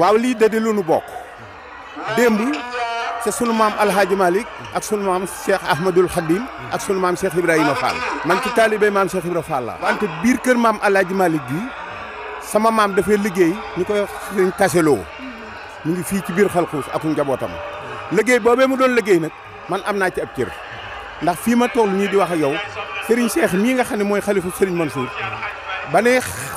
waaw lii de di lu nu bokk démb c'est sunu maam Alhaji malik ak sunu maam Cheikh Ahmadul Khadim ak sunu maam Cheikh Ibrahima Fall man ci taalibe maam Cheikh Ibrahima Fall la wante biir kër maam Alhaji malik gi sama maam dafay liggéey ñu koy sëñ taseloo mu ngi fii ci biir xalxuus ak njabootam liggéey boobee mu doon liggéey nag man am naa ci ab cër ndax fii ma toll nii di wax ak yow Serigne Cheikh mii nga xam ne mooy xalifu Serigne Mansour ba ne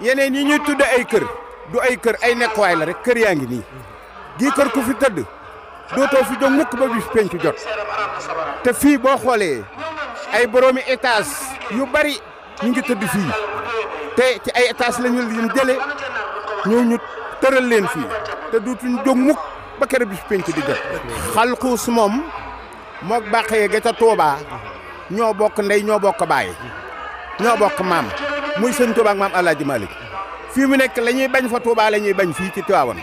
yeneen yi ñuy tudde ay kër du ay kër ay nekkuwaay la rek kër yaa ngi nii gii kër ku fi tëdd dootoo fi jóg mukk ba bis penc jot te fii boo xoolee ay boroomi étage yu bari ñu ngi tëdd fii te ci ay étage la ñu leen jële ñëw ñu tëral leen fii te dootuñ jóg mukk ba kër bis penc di jot xalxuus moom mook bàqee ga ca Tuubaa ñoo bokk ndey ñoo bokk baay ñoo bokk maam muy seigne Touba ak maam Alaaji Malick fii mu nek lañuy bañ fa Touba lañuy bañ fi ci Tiwaawan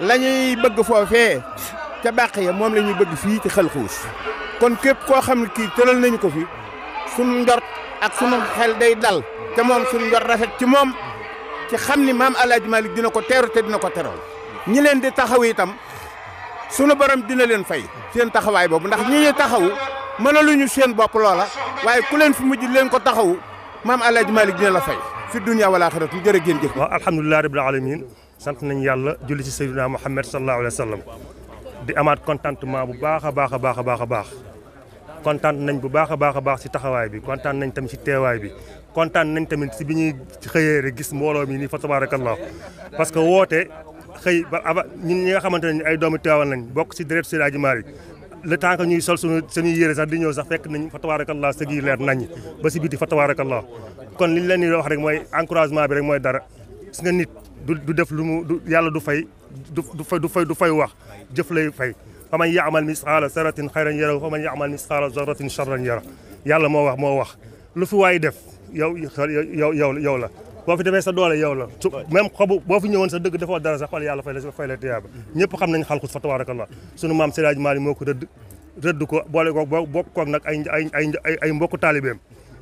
lañuy bëgg fofé ca baqiya mom lañuy bëgg fi ci khalkhous kon képp ko xamni ki kii nañ ko fi sun ndor ak suñu xel day dal te mom sun ndor rafet ci mom ci xamni mam aladi malik dina ko téro te dina ko téro ñi leen di taxaw itam sunu borom dina leen fay seen taxaway bobu ndax ñi ñi taxaw mënaluñu seen bop loola waye ku leen fi mujj leen ko taxaw مام الله مالك دينا لا في الدنيا والآخرة نجر جين جيك الحمد لله رب العالمين سنتنا يلا جلسة سيدنا محمد صلى الله عليه وسلم دي أمات كونتانت ما بباخ باخ باخ باخ باخ كونتانت نين بباخ باخ باخ سي تخواي بي كونتانت نين تمشي تيواي بي كونتانت نين تمين سي بني خيري جس مولو ميني فتبارك الله باسكو ووتي xey ba ñin ñi nga xamanteni ay doomu tewal nañ bok ci direct sidaji malik le temps que ñuy sol suñu suñuy yére sax di ñëw sa fekk nañ fa tabarakallah sëg yi leer nañ ba si biti fa tabarakallah kon li leen di wax rek mooy encouragement bi rek mooy dara gis nga nit du def lu mu yàlla du fay du fay du fay du fay wax jëf yu fay fa man yaamal misqaala saratin xayran yara fa man yaamal misqaala zarratin charran yara yàlla moo wax moo wax lu fi waay def yow yow yow yow la boo fi defee sa doole yow la su même xobu boo fi ñëwoon sa dëgg defoo dara sa wala yàlla fay la fay la tiyaaba ñëpp xam nañ xalxus fa tabarakallah sunu maam Siraaj Maali ko rëdd rëdd ko boole ko bokk koog nag ay ay ay ay mbokku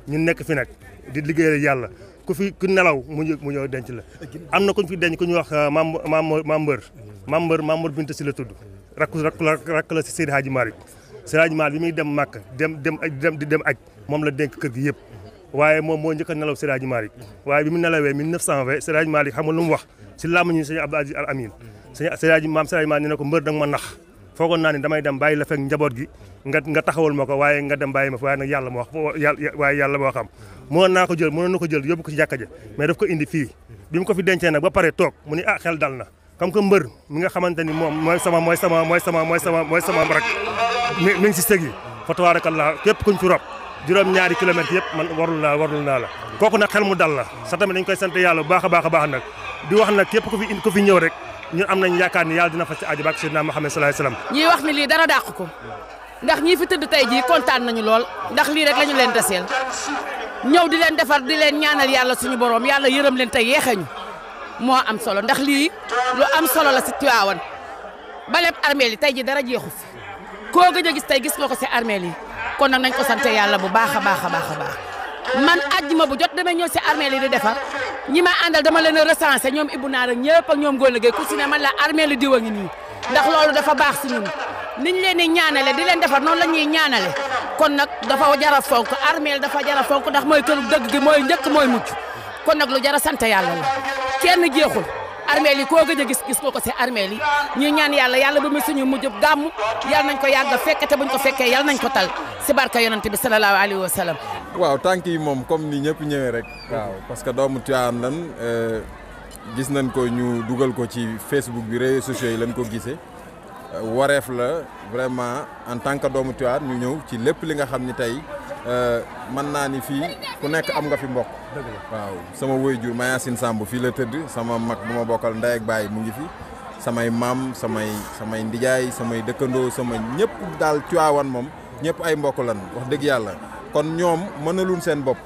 nekk fi nag di liggéeyal yàlla ku fi ku nelaw mu ñu mu ñëw denc la am na ku ñu fi denc ku ñu wax euh, mam mam mbër mam mbër mam mbër si la tudd rakku rakku la la si Seydi Hadji Malick Seydi Hadji Malick bi muy dem màkk dem dem aj dem di dem aj moom la denk kër gi yëpp waaye moom moo njëkk a nelaw Siraaji Malick waaye bi mu nelawee 1920 Siraaji Malick xam nga lu mu wax si làmm ñi sëñ Abdou Aziz Al Amin sëñ Siraaji maam Siraaji Malick ne na ko mbër da nga ma nax foogoon naa ne damay dem bàyyi la fekk njaboot gi nga nga taxawal ma ko waaye nga dem bàyyi ma fa waaye nag yàlla moo wax waaye yàlla moo xam mënoon naa ko jël mënoon na ko jël yóbbu ko ci jàkka ja mais daf ko indi fii bi mu ko fi dencee nag ba pare toog mu ni ah xel dal na comme que mbër mi nga xamante ni moom mooy sama mooy sama mooy sama mooy sama mooy sama mbrak mi ngi si sëg yi fa tabaarakallah képp kuñ fi rob juróom-ñaari kilomètres yëpp man warul naa warul naa la kooku nag xel mu dal la sa tamit dañ koy sant yàlla bu baax a a baax nag di wax nag képp ku fi ku fi ñëw rek ñun am nañ yaakaar ni yàlla dina fas ci aajo baak Seydina Muhammad salaay salaam ñii wax ni lii dara dàq ndax ñii fi tëdd tey jii kontaan nañu lool ndax lii rek la leen deseel ñëw di leen defar di leen ñaanal yàlla suñu borom yàlla yërëm leen tey yeexeñu moo am solo ndax lii lu am solo la si Tiwaawan baleb armeel yi tey ji dara jeexu si armeel yi kon nag nañ ko sante yàlla bu baax a baax a baax a baax man àjjuma bu jot damay ñëw si armeel yi di defar ñi ma àndal dama leen a recensé ñoom Ibou Naar ak ñëpp ak ñoom Gowla Gueye ku si ne man la armeel diwa ngi nii ndax loolu dafa baax si ñun niñ leen di ñaanale di leen defar noon la ñuy ñaanale kon nag dafa jar a fonk armeel dafa jar a fonk ndax mooy këru dëgg gi mooy njëkk mooy mujj kon nag lu jar a sant yàlla la kenn jeexul. armeel yi koo gëj a gis gis ko ko si armeel yi ñuy ñaan yàlla yàlla ba muy suñu mujjub gàmm yàlla nañ ko yàgg a fekke te buñ ko fekkee yàlla nañ ko tal si barka yonante bi salallaahu alayhi wa sallam waaw tànk yi moom comme ni ñëpp ñëwee rek waaw parce que doomu Tiwaawan lan eh, gis nañ ko ñu dugal ko ci Facebook bi réseaux sociaux yi lañ ko gisee wareef la vraiment en tant que doomu Tiwaawan ñu ñëw ci lépp li nga xam ni tey Euh, mën naa ni fii ku nekk am nga fi mbokk waaw sama waajur Mayacine Samb fii la tëdd sama mag bu ma bokkal ndey ak baay mu ngi fi samay maam samay samay ndijaay samay dëkkandoo sama ñëpp daal Tiwaawan moom ñëpp ay mbokk lan wax dëgg yàlla kon ñoom mënaluñ seen bopp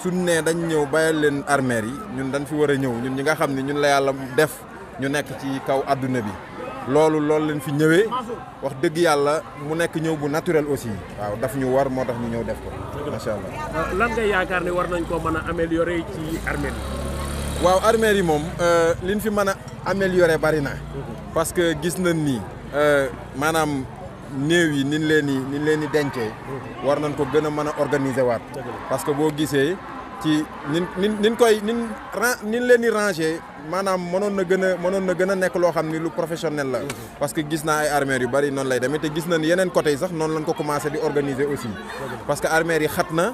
suñ nee dañ ñëw bàyyal leen armeer yi ñun dañ fi war a ñëw ñun ñi nga xam ne ñun la yàlla def ñu nekk ci kaw àdduna bi lolou lolou leen fi ñëwé wax dëgg yalla mu nekk ñëw bu naturel aussi waaw daf ñu war motax ñu ñëw def ko machallah euh, lan ngay yaakaar ne war nañ ko mëna améliorer ci armée yi. waaw armée yi moom euh, liñ fi mëna améliorer bari na. parce que gis nañ ni euh, maanaam néew yi niñ ñu leen di ni ñu leen di dencee. war nañ ko gën a mën a organiser waat. parce que boo gisee ci nin nin koy nin ran nin leen di rangé maanaam na gën monon na gën nek lo xamni lu professionnel la parce que gis na ay armères yu bari non lay demé té gis na yenen côté sax non lañ ko commencé di organiser aussi parce que armères yi xat na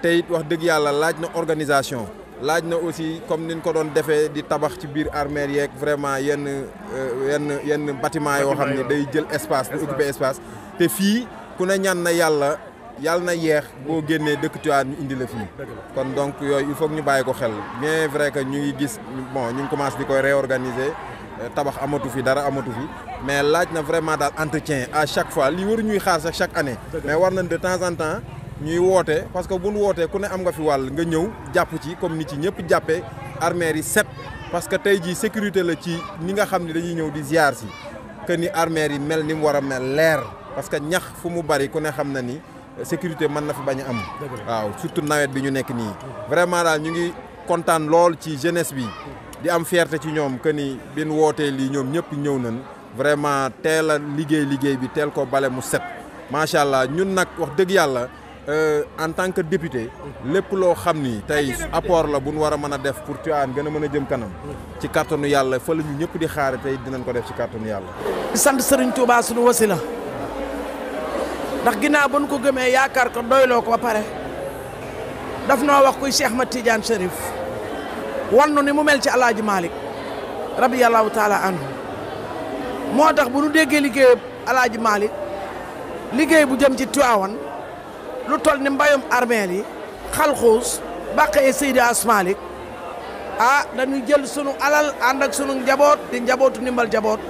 te it wax deug yalla laaj na organisation laaj na aussi comme niñ ko doon défé di tabax ci bir armères yeeg vraiment yenn euh, yenn yenn bâtiment yo xamni day jël espace di occuper espace té fi ku ne ñaan na yalla yàlla na yeex boo génnee dëkk Tivaouane ñu indi la fii kon donc yooyu il faut ñu bàyyi ko xel mais vrai que ñu ngi gis bon ñu ngi commencé di koy réorganiser euh, tabax amatu fi dara amatu fi mais laaj na vraiment daal entretien à chaque fois li waru ñuy xaar sax chaque année mais war nañ de temps en temps ñuy woote parce que buñ wootee ku ne am nga fi wàll nga ñëw jàpp ci comme ni ci ñëpp jàppee armères yi set parce que tey jii sécurité la ci ñi nga xam ne dañuy ñëw di ziar si que ni armères yi mel ni mu war a mel leer parce que ñax fu mu bari ku ne xam na ni sécurité man na fi bañ am. waaw surtout nawet bi ñu nek ni vraiment daal ñu ngi contane lool ci jeunesse bi. di am fierté ci ñom que ni bin wootee li ñom ñëpp ñëw nañ. vraiment teel a liguey liggéey bi tel ko bale mu set. machallah ñun nak wax yalla euh, en tant que député. lepp lo xamni tay apport la buñ wara mëna def pour tuane gëna mëna jëm kanam. ci kàttanu yalla fa la ñu ñëpp di xaar tay dinañ ko def ci carton yàlla. di sant Serigne Touba sunu wasila ndax ginnaaw ba nu ko gëmee yaakaar ko doyloo ko ba daf na wax kuy Cheikh Ahmad Tidiane Chérif wan nu ni mu mel ci malik Malick rabiyallahu taala anhu moo tax bu nu déggee liggéey alaaji Malick liggéey bu jëm ci Tiwaawan lu tol ni mbayum armeel yi xalxuus bàqee Seydi As Malick ah dañuy jël sunu alal ànd ak sunu njaboot di njabootu ndimbal jaboot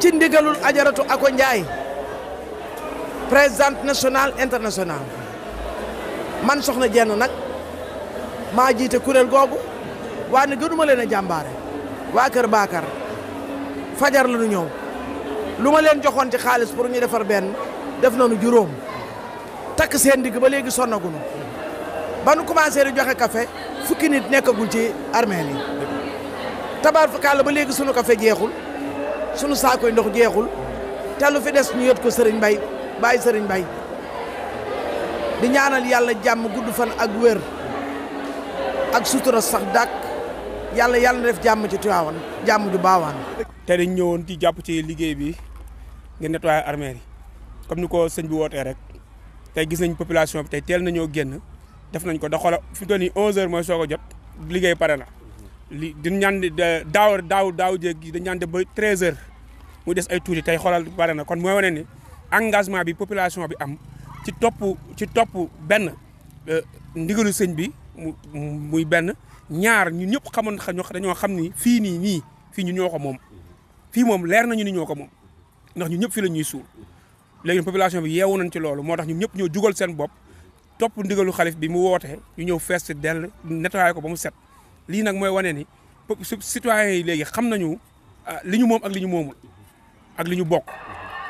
ci ndigalul ajaratu ako njaay présidente nationale internationale man soxna jenn nag maa jiite kuréel googu waa ne gënuma leen a jàmbaare waa Kër Baakar fajar la ñu ñëw lu ma leen joxoon ci xaalis pour ñu defar benn def nañu juróom takk seen digg ba léegi sonnaguñu ba commencé di joxe kafe fukki nit nekkagul ci armée yi tabaar ba léegi sunu kafe jeexul sunu saakoy ndox jeexul te lu fi des ñu yët ko sëriñ Mbay bàyyi sëriñ bay di ñaanal yàlla jàmm gudd fan ak wér ak sutura sax dàkk yàlla yàlla na def jàmm ci Tiwaawan jàmm ju baawaan te dañ ñëwoon di jàpp ci liggéey bi ngir nettoyer armée yi comme ni ko sëñ bi wootee rek tey gis nañ population bi tey teel nañoo génn def nañ ko da xoola fi mu toll nii 11h mooy soo ko jot liggéey pare na li di ñaan daaw daaw daaw jéeg dañ ñaan de ba 13h mu des ay tuuti tey xoolal pare na kon mooy wanee ni engagement bi population bi am ci topp ci topp benn euh, ndigalu sëñ bi muy benn ñaar ñu ñëpp xamoon xa dañoo xam ni fii nii nii fii ñu ñoo ko moom fii moom leer nañu ni ñoo ko moom ndax ñu ñëpp fii la ñuy suur léegi population bi yeewu nañ ci loolu moo tax ñu ñëpp ñoo jugal seen bopp topp ndigalu xalif bi mu woote ñu ñëw fees dell nettoyé ko ba mu set lii nag mooy wane ni citoyens yi léegi xam nañu ah, li ñu moom ak li ñu moomul ak li ñu bokk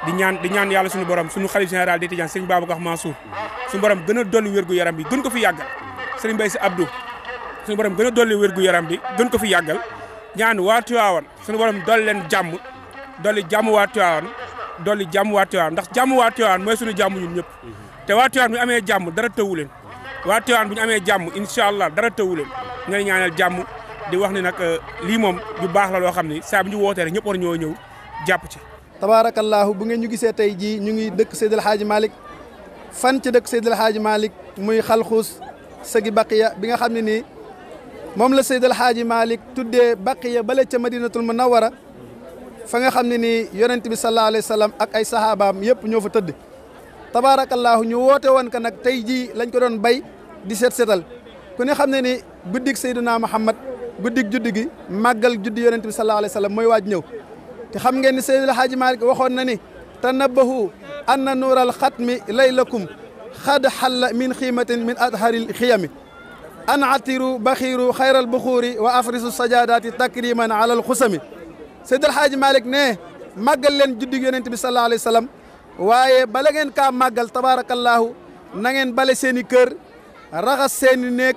di ñaan di ñaan yàlla suñu borom suñu xalif général des Tidianes sëriñ Babacar Mansour suñu borom gën a dolli wérgu yaram bi gën ko fi yàggal sëriñ Mbaye Sy Abdou suñu borom gën a dolli wérgu yaram bi gën ko fi yàggal ñaan waa Tiwaawan suñu borom dolli leen jàmm dolli jàmm waa Tiwaawan dolli jàmm waa Tiwaawan ndax jàmm waa Tiwaawan mooy suñu jàmm ñun ñëpp te waa Tiwaawan bu ñu amee jàmm dara tëwu leen waa bu ñu amee jàmm incha allah dara tëwu leen ngay ñaaneel jàmm di wax ni nag euh, lii moom bu baax la loo xam ni saa ñu wootee rek ñëpp war ñoo ñëw jàpp ci Tabarakallah, bu ngeen ñu gisee tay ji ñu ngi dëkk Seydil Hadji malik fan ci dëkk Seydil Hadji malik muy khalkhus sëgi baqiya bi nga xam ni nii moom la Seydil Hadji malik tuddee baqiya bale ca madinatul munawara fa nga xam ni nii yonent bi sallallahu alayhi wa ak ay sahabaam yépp ñoo fa tëdd tabarakallah ñu woote woon ka nag tey jii lañ ko doon bay di set setal ku ne xam ni guddig Seydina Muhammad guddig juddi gi màggal juddi yonent bi sallallahu alayhi wa mooy waaj te xam ngeen ni Seydil Hadji Malick waxoon na ni tanabbahu anna nuural xatmi laylakum xad xalla min xiimatin min adharil xiyami an atiru baxiiru xayral buxuuri wa afrisu sajadati takriman alal xusami Seydil Hadji Malick ne màggal leen juddig yonent bi sallallahu alayhi wa sallam waaye bala ngeen kaa màggal tabaarakallaahu na ngeen bale seen kër raxas seen néeg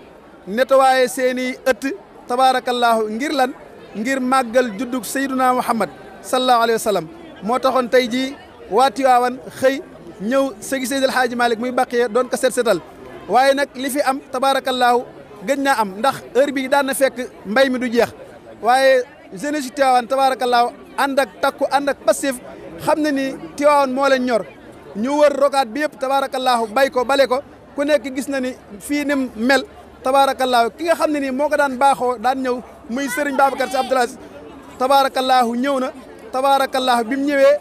nettoyé seen ëtt tabaarakallaahu ngir lan ngir màggal juddug Seyduna Muhammad sallallahu alayhi wa moo taxoon tey jii waa Tiwaawan xëy ñëw sëgi Seydi El Hadji muy bàqee doon ko set seetal waaye nag li fi am tabaarakallaahu gëj na am ndax heure bii daan na fekk mbay mi du jeex waaye jeunesse si Tiwaawan tabaarakallaahu ànd ak takku ànd ak passif xam na ni Tiwaawan moo leen ñor ñu wër rokaat bi yëpp tabaarakallaahu bay ko bale ko ku nekk gis na ni fii ni mel tabaarakallaahu ki nga xam ne nii moo ko daan baaxoo daan ñëw muy Serigne Babacar Sy Abdoul Aziz ñëw na tabaarakallaahu bi mu ñëwee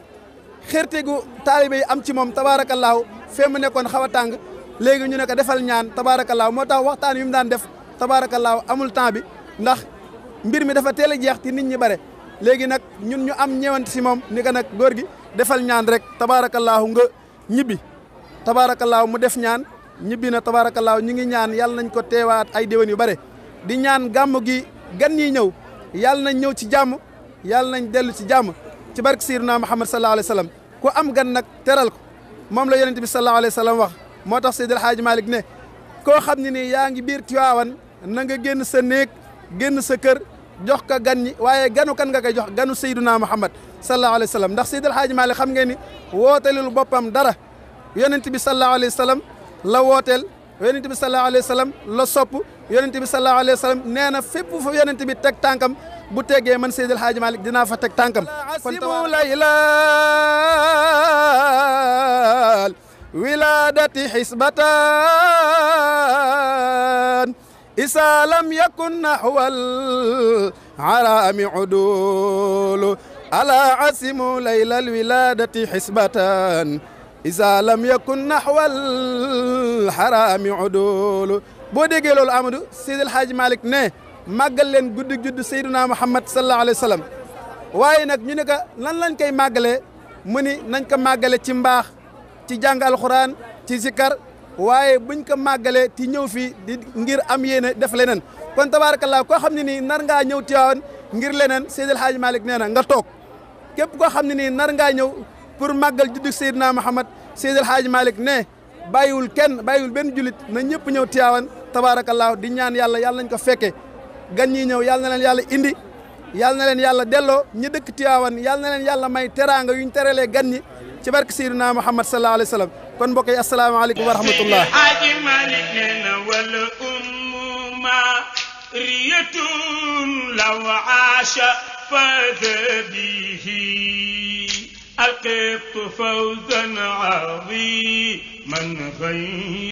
xérte gu taalibe yi am ci moom tabaarakallaahu fee mu nekkoon xaw a tàng léegi ñu ne ko defal ñaan tabaarakallaahu moo tax waxtaan wi mu daan def tabaarakallaahu amul temps bi ndax mbir mi dafa teel a jeex ci nit ñi bare léegi nag ñun ñu am ñëwant si moom ni ko nag góor gi defal ñaan rek tabaarakallaahu nga ñibbi tabaarakallaahu mu def ñaan ñibbi na tabaarakallaahu ñu ngi ñaan yàlla nañ ko teewaat ay déwén yu bare di ñaan gàmm gi gan ñi ñëw yàlla nañ ñëw ci jàmm yàlla nañ dellu ci jàmm ci barke Seydina Muhammad sallallahu alayhi wa sallam ku am gan nag teral ko moom la yonent bi sallallahu alayhi wa sallam wax moo tax Seydi El Hadji Malick ne koo xam ne nii yaa ngi biir Tiwaawan na nga génn sa néeg génn sa kër jox ka gan ñi waaye ganu kan nga koy jox ganu Seydina Muhammad sallallahu alayhi wa sallam ndax Seydi El Hadji Malick xam ngeen ni wootelul boppam dara yonent bi sallallahu alayhi wa sallam la wooteel yonent bi sallallahu alayhi wa sallam la sopp yonent bi sallallahu alayhi wa sallam nee na fépp fu yonent bi teg tànkam bu tegee man Seydil Hadji Malick dinaa fa teg tànkam asimu laylal wiladati xisbatan isa lam yakun naxwal araami udulu ala asimu laylal wiladati xisbatan isa lam yakun naxwal araami udulu boo déggee loolu Amadou Seydil Hadji Malick ne màggal leen guddi judd sayduna muhammad sallallahu alayhi wa sallam waaye nag ñu ne ko lan lañ koy màggalee mu ni nañ ko màggale ci mbaax ci jàng alxuraan ci sikar waaye buñ ko màggalee ci ñëw fii di ngir am yéene def leeneen kon tabaarakallaa koo xam ne nii nar ngaa ñëw Tiwaawan ngir leneen Seydi El Hadji nee na nga toog képp koo xam ne nii nar ngaa ñëw pour màggal juddu Seydina Muhammad Seydi El Hadji Malick ne bàyyiwul kenn bàyyiwul benn jullit na ñëpp ñëw Tiwaawan tabaarakallaa di ñaan yàlla yàlla nañ ko fekkee gan ñi ñëw yàlla na leen yàlla indi yàlla na leen yàlla delloo ñi dëkk Tiwaawan yàlla na leen yàlla may teraanga yuñ teralee gan ñi ci barke Seydina Muhammad sallallahu alayhi wa sallam kon mbokk yi asalaamaaleykum wa rahmatullah aji malik nena wal ummuma riyatun law aasha fadbihi alqibtu fawzan aziman